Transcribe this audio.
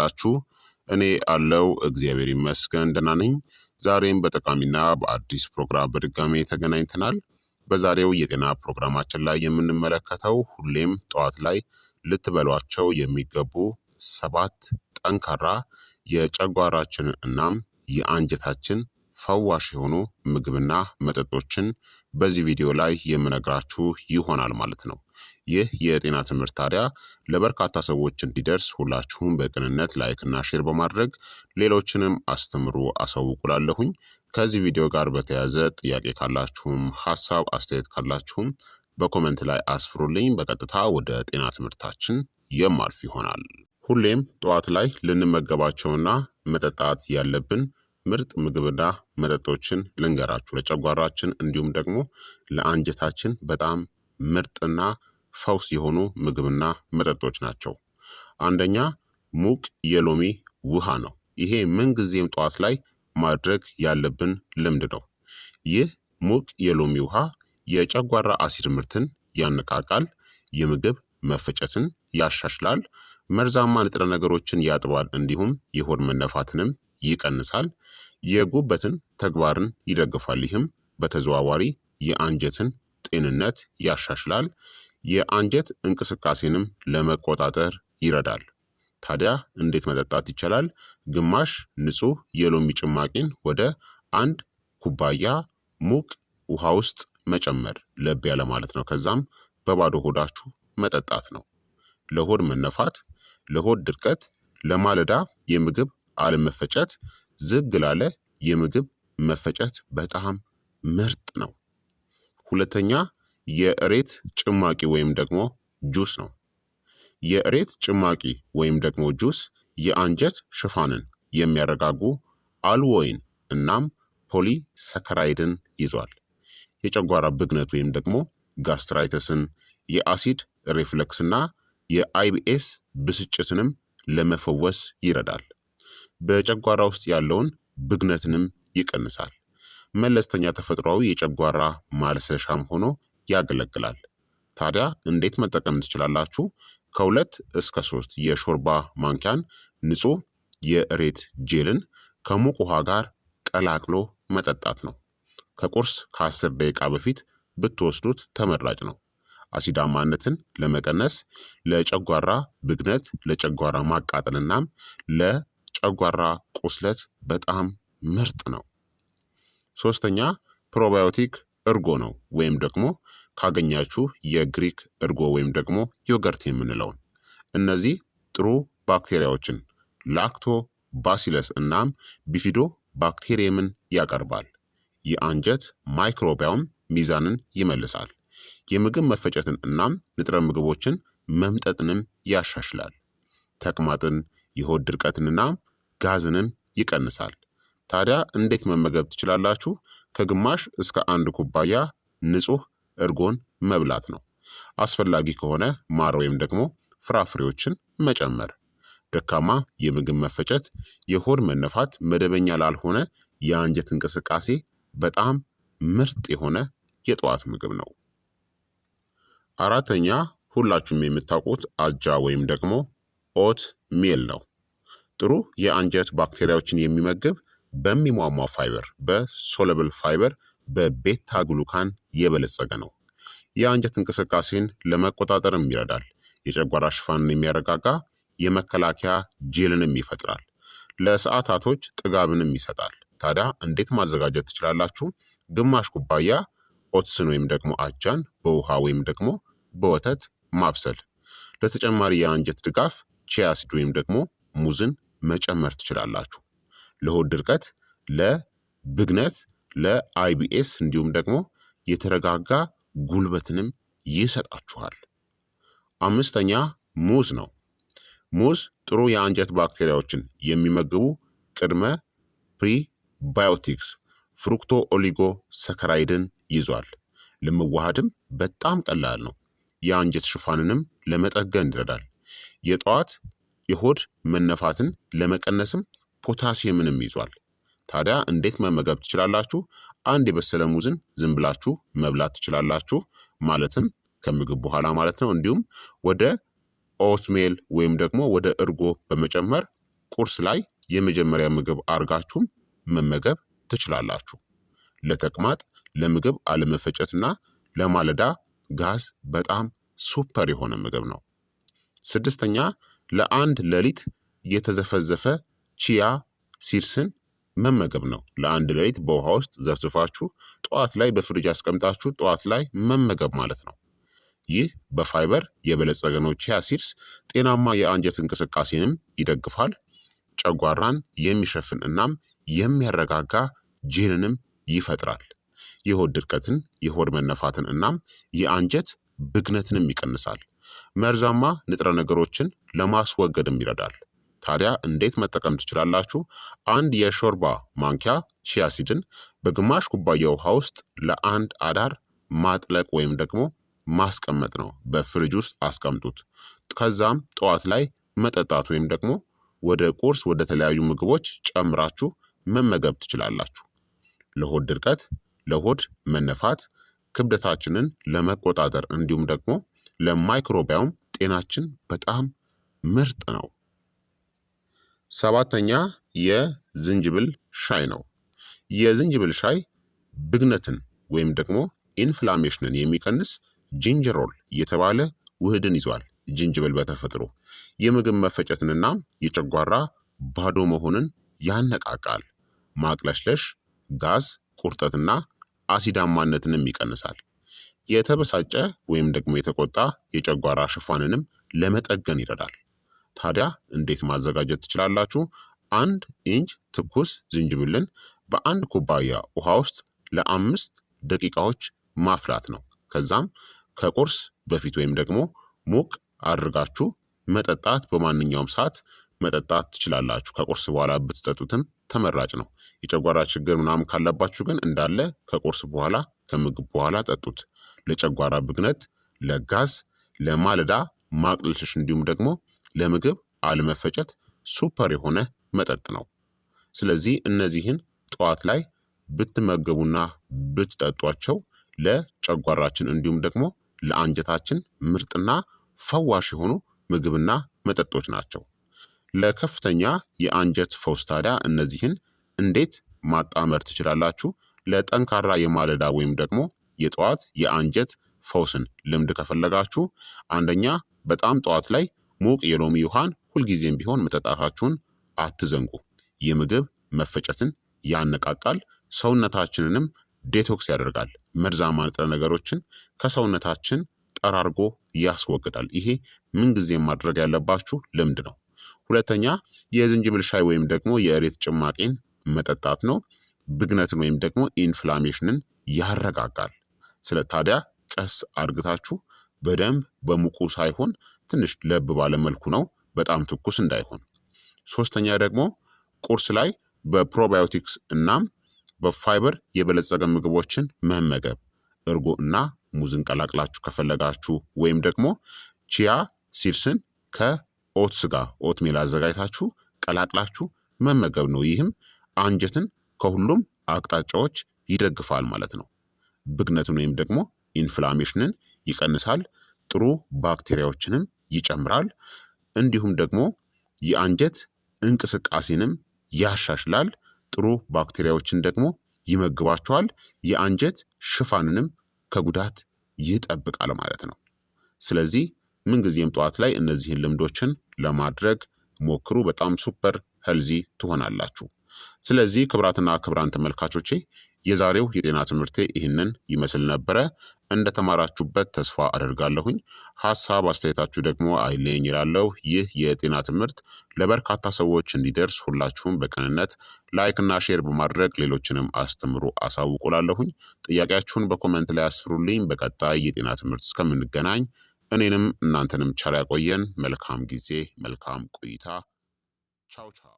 ላችሁ እኔ አለው እግዚአብሔር ይመስገን ደህና ነኝ። ዛሬም በጠቃሚና በአዲስ ፕሮግራም በድጋሜ ተገናኝተናል። በዛሬው የጤና ፕሮግራማችን ላይ የምንመለከተው ሁሌም ጠዋት ላይ ልትበሏቸው የሚገቡ ሰባት ጠንካራ የጨጓራችን እናም የአንጀታችን ፈዋሽ የሆኑ ምግብና መጠጦችን በዚህ ቪዲዮ ላይ የምነግራችሁ ይሆናል ማለት ነው። ይህ የጤና ትምህርት ታዲያ ለበርካታ ሰዎች እንዲደርስ ሁላችሁም በቅንነት ላይክና ሼር በማድረግ ሌሎችንም አስተምሩ አሳውቁላለሁኝ። ከዚህ ቪዲዮ ጋር በተያያዘ ጥያቄ ካላችሁም ሀሳብ አስተያየት ካላችሁም በኮመንት ላይ አስፍሩልኝ። በቀጥታ ወደ ጤና ትምህርታችን የማልፍ ይሆናል። ሁሌም ጠዋት ላይ ልንመገባቸውና መጠጣት ያለብን ምርጥ ምግብና መጠጦችን ልንገራችሁ። ለጨጓራችን እንዲሁም ደግሞ ለአንጀታችን በጣም ምርጥና ፈውስ የሆኑ ምግብና መጠጦች ናቸው። አንደኛ ሙቅ የሎሚ ውሃ ነው። ይሄ ምንጊዜም ጠዋት ላይ ማድረግ ያለብን ልምድ ነው። ይህ ሙቅ የሎሚ ውሃ የጨጓራ አሲድ ምርትን ያነቃቃል፣ የምግብ መፈጨትን ያሻሽላል፣ መርዛማ ንጥረ ነገሮችን ያጥባል፣ እንዲሁም የሆድ መነፋትንም ይቀንሳል። የጉበትን ተግባርን ይደግፋል። ይህም በተዘዋዋሪ የአንጀትን ጤንነት ያሻሽላል። የአንጀት እንቅስቃሴንም ለመቆጣጠር ይረዳል። ታዲያ እንዴት መጠጣት ይቻላል? ግማሽ ንጹህ የሎሚ ጭማቂን ወደ አንድ ኩባያ ሙቅ ውሃ ውስጥ መጨመር ለብ ያለ ማለት ነው። ከዛም በባዶ ሆዳችሁ መጠጣት ነው። ለሆድ መነፋት፣ ለሆድ ድርቀት፣ ለማለዳ የምግብ አለመፈጨት ዝግ ላለ የምግብ መፈጨት በጣም ምርጥ ነው። ሁለተኛ የእሬት ጭማቂ ወይም ደግሞ ጁስ ነው። የእሬት ጭማቂ ወይም ደግሞ ጁስ የአንጀት ሽፋንን የሚያረጋጉ አልወይን እናም ፖሊሰከራይድን ይዟል። የጨጓራ ብግነት ወይም ደግሞ ጋስትራይተስን፣ የአሲድ ሪፍለክስና የአይቢኤስ ብስጭትንም ለመፈወስ ይረዳል። በጨጓራ ውስጥ ያለውን ብግነትንም ይቀንሳል። መለስተኛ ተፈጥሯዊ የጨጓራ ማልሰሻም ሆኖ ያገለግላል። ታዲያ እንዴት መጠቀም ትችላላችሁ? ከሁለት እስከ ሶስት የሾርባ ማንኪያን ንጹህ የእሬት ጄልን ከሙቅ ውሃ ጋር ቀላቅሎ መጠጣት ነው። ከቁርስ ከአስር ደቂቃ በፊት ብትወስዱት ተመራጭ ነው። አሲዳማነትን ለመቀነስ ለጨጓራ ብግነት፣ ለጨጓራ ማቃጠል ለ ለጨጓራ ቁስለት በጣም ምርጥ ነው። ሶስተኛ ፕሮባዮቲክ እርጎ ነው ወይም ደግሞ ካገኛችሁ የግሪክ እርጎ ወይም ደግሞ ዮገርት የምንለውን እነዚህ ጥሩ ባክቴሪያዎችን ላክቶ ባሲለስ እናም ቢፊዶ ባክቴሪየምን ያቀርባል። የአንጀት ማይክሮቢያውም ሚዛንን ይመልሳል። የምግብ መፈጨትን እናም ንጥረ ምግቦችን መምጠጥንም ያሻሽላል። ተቅማጥን፣ የሆድ ድርቀትንና ጋዝንን ይቀንሳል። ታዲያ እንዴት መመገብ ትችላላችሁ? ከግማሽ እስከ አንድ ኩባያ ንጹህ እርጎን መብላት ነው። አስፈላጊ ከሆነ ማር ወይም ደግሞ ፍራፍሬዎችን መጨመር። ደካማ የምግብ መፈጨት፣ የሆድ መነፋት፣ መደበኛ ላልሆነ የአንጀት እንቅስቃሴ በጣም ምርጥ የሆነ የጠዋት ምግብ ነው። አራተኛ ሁላችሁም የምታውቁት አጃ ወይም ደግሞ ኦት ሜል ነው። ጥሩ የአንጀት ባክቴሪያዎችን የሚመግብ በሚሟሟ ፋይበር በሶለብል ፋይበር በቤታ ግሉካን የበለጸገ ነው። የአንጀት እንቅስቃሴን ለመቆጣጠርም ይረዳል። የጨጓራ ሽፋንን የሚያረጋጋ የመከላከያ ጄልንም ይፈጥራል። ለሰዓታቶች ጥጋብንም ይሰጣል። ታዲያ እንዴት ማዘጋጀት ትችላላችሁ? ግማሽ ኩባያ ኦትስን ወይም ደግሞ አጃን በውሃ ወይም ደግሞ በወተት ማብሰል። ለተጨማሪ የአንጀት ድጋፍ ቺያ ሲድ ወይም ደግሞ ሙዝን መጨመር ትችላላችሁ። ለሆድ ድርቀት፣ ለብግነት፣ ለአይቢኤስ እንዲሁም ደግሞ የተረጋጋ ጉልበትንም ይሰጣችኋል። አምስተኛ ሙዝ ነው። ሙዝ ጥሩ የአንጀት ባክቴሪያዎችን የሚመግቡ ቅድመ ፕሪባዮቲክስ ፍሩክቶ ኦሊጎ ሰከራይድን ይዟል። ለመዋሃድም በጣም ቀላል ነው። የአንጀት ሽፋንንም ለመጠገን ይረዳል። የጠዋት የሆድ መነፋትን ለመቀነስም ፖታሲየምንም ይዟል። ታዲያ እንዴት መመገብ ትችላላችሁ? አንድ የበሰለ ሙዝን ዝም ብላችሁ መብላት ትችላላችሁ፣ ማለትም ከምግብ በኋላ ማለት ነው። እንዲሁም ወደ ኦትሜል ወይም ደግሞ ወደ እርጎ በመጨመር ቁርስ ላይ የመጀመሪያ ምግብ አድርጋችሁም መመገብ ትችላላችሁ። ለተቅማጥ ለምግብ አለመፈጨትና ለማለዳ ጋዝ በጣም ሱፐር የሆነ ምግብ ነው። ስድስተኛ ለአንድ ሌሊት የተዘፈዘፈ ቺያ ሲርስን መመገብ ነው። ለአንድ ሌሊት በውሃ ውስጥ ዘፍዝፋችሁ ጠዋት ላይ በፍሪጅ አስቀምጣችሁ ጠዋት ላይ መመገብ ማለት ነው። ይህ በፋይበር የበለጸገ ነው። ቺያ ሲርስ ጤናማ የአንጀት እንቅስቃሴንም ይደግፋል። ጨጓራን የሚሸፍን እናም የሚያረጋጋ ጂንንም ይፈጥራል። የሆድ ድርቀትን፣ የሆድ መነፋትን እናም የአንጀት ብግነትንም ይቀንሳል። መርዛማ ንጥረ ነገሮችን ለማስወገድም ይረዳል። ታዲያ እንዴት መጠቀም ትችላላችሁ? አንድ የሾርባ ማንኪያ ቺያ በግማሽ ኩባያ ውሃ ውስጥ ለአንድ አዳር ማጥለቅ ወይም ደግሞ ማስቀመጥ ነው። በፍሪጅ ውስጥ አስቀምጡት። ከዛም ጠዋት ላይ መጠጣት ወይም ደግሞ ወደ ቁርስ፣ ወደ ተለያዩ ምግቦች ጨምራችሁ መመገብ ትችላላችሁ። ለሆድ ድርቀት፣ ለሆድ መነፋት፣ ክብደታችንን ለመቆጣጠር እንዲሁም ደግሞ ለማይክሮቢያውም ጤናችን በጣም ምርጥ ነው። ሰባተኛ የዝንጅብል ሻይ ነው። የዝንጅብል ሻይ ብግነትን ወይም ደግሞ ኢንፍላሜሽንን የሚቀንስ ጂንጀሮል የተባለ ውህድን ይዟል። ጅንጅብል በተፈጥሮ የምግብ መፈጨትንና የጨጓራ ባዶ መሆንን ያነቃቃል። ማቅለሽለሽ፣ ጋዝ፣ ቁርጠትና አሲዳማነትንም ይቀንሳል። የተበሳጨ ወይም ደግሞ የተቆጣ የጨጓራ ሽፋንንም ለመጠገን ይረዳል። ታዲያ እንዴት ማዘጋጀት ትችላላችሁ? አንድ ኢንች ትኩስ ዝንጅብልን በአንድ ኩባያ ውሃ ውስጥ ለአምስት ደቂቃዎች ማፍላት ነው። ከዛም ከቁርስ በፊት ወይም ደግሞ ሞቅ አድርጋችሁ መጠጣት በማንኛውም ሰዓት መጠጣት ትችላላችሁ። ከቁርስ በኋላ ብትጠጡትም ተመራጭ ነው። የጨጓራ ችግር ምናምን ካለባችሁ ግን እንዳለ ከቁርስ በኋላ ከምግብ በኋላ ጠጡት። ለጨጓራ ብግነት፣ ለጋዝ፣ ለማለዳ ማቅለሽለሽ እንዲሁም ደግሞ ለምግብ አለመፈጨት ሱፐር የሆነ መጠጥ ነው። ስለዚህ እነዚህን ጠዋት ላይ ብትመገቡና ብትጠጧቸው ለጨጓራችን እንዲሁም ደግሞ ለአንጀታችን ምርጥና ፈዋሽ የሆኑ ምግብና መጠጦች ናቸው። ለከፍተኛ የአንጀት ፈውስ ታዲያ እነዚህን እንዴት ማጣመር ትችላላችሁ? ለጠንካራ የማለዳ ወይም ደግሞ የጠዋት የአንጀት ፈውስን ልምድ ከፈለጋችሁ አንደኛ በጣም ጠዋት ላይ ሙቅ የሎሚ ውሃን ሁልጊዜም ቢሆን መጠጣታችሁን አትዘንጉ። የምግብ መፈጨትን ያነቃቃል፣ ሰውነታችንንም ዴቶክስ ያደርጋል። መርዛማ ንጥረ ነገሮችን ከሰውነታችን ጠራርጎ ያስወግዳል። ይሄ ምንጊዜ ማድረግ ያለባችሁ ልምድ ነው። ሁለተኛ የዝንጅብል ሻይ ወይም ደግሞ የእሬት ጭማቂን መጠጣት ነው። ብግነትን ወይም ደግሞ ኢንፍላሜሽንን ያረጋጋል። ስለ ታዲያ ቀስ አድርግታችሁ በደንብ በሙቁ ሳይሆን ትንሽ ለብ ባለ መልኩ ነው፣ በጣም ትኩስ እንዳይሆን። ሶስተኛ ደግሞ ቁርስ ላይ በፕሮባዮቲክስ እናም በፋይበር የበለጸገ ምግቦችን መመገብ እርጎ እና ሙዝን ቀላቅላችሁ ከፈለጋችሁ ወይም ደግሞ ቺያ ሲድስን ከኦትስ ኦት ሜል አዘጋጅታችሁ ቀላቅላችሁ መመገብ ነው። ይህም አንጀትን ከሁሉም አቅጣጫዎች ይደግፋል ማለት ነው። ብግነትን ወይም ደግሞ ኢንፍላሜሽንን ይቀንሳል። ጥሩ ባክቴሪያዎችንም ይጨምራል። እንዲሁም ደግሞ የአንጀት እንቅስቃሴንም ያሻሽላል። ጥሩ ባክቴሪያዎችን ደግሞ ይመግባቸዋል። የአንጀት ሽፋንንም ከጉዳት ይጠብቃል ማለት ነው። ስለዚህ ምንጊዜም ጠዋት ላይ እነዚህን ልምዶችን ለማድረግ ሞክሩ። በጣም ሱፐር ሄልዚ ትሆናላችሁ። ስለዚህ ክብራትና ክብራን ተመልካቾቼ የዛሬው የጤና ትምህርቴ ይህንን ይመስል ነበረ። እንደተማራችሁበት ተስፋ አደርጋለሁኝ። ሀሳብ አስተያየታችሁ ደግሞ አይለኝ ይላለው። ይህ የጤና ትምህርት ለበርካታ ሰዎች እንዲደርስ ሁላችሁም በቅንነት ላይክና ሼር በማድረግ ሌሎችንም አስተምሩ፣ አሳውቁላለሁኝ። ጥያቄያችሁን በኮመንት ላይ አስፍሩልኝ። በቀጣይ የጤና ትምህርት እስከምንገናኝ እኔንም እናንተንም ቻላ ያቆየን። መልካም ጊዜ፣ መልካም ቆይታ። ቻው ቻው።